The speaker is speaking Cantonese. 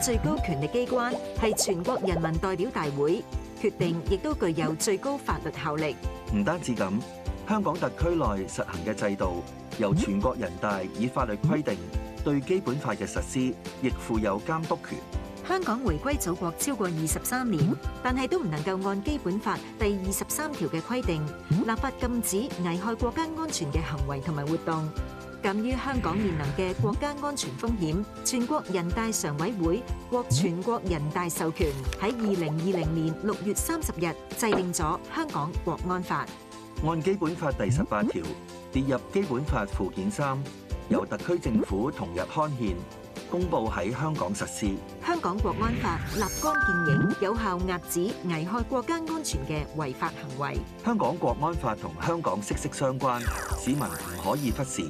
最高權力機關係全國人民代表大會，決定亦都具有最高法律效力。唔單止咁，香港特區內實行嘅制度，由全國人大以法律規定，對基本法嘅實施亦負有監督權。香港回歸祖國超過二十三年，但係都唔能夠按基本法第二十三條嘅規定，立法禁止危害國家安全嘅行為同埋活動。鑒於香港面臨嘅國家安全風險，全國人大常委會獲全國人大授權喺二零二零年六月三十日制定咗香港國安法。按基本法第十八條，列入基本法附件三，由特區政府同日刊憲公布喺香港實施。香港國安法立竿見影，有效遏止危害國家安全嘅違法行為。香港國安法同香港息息相關，市民唔可以忽視。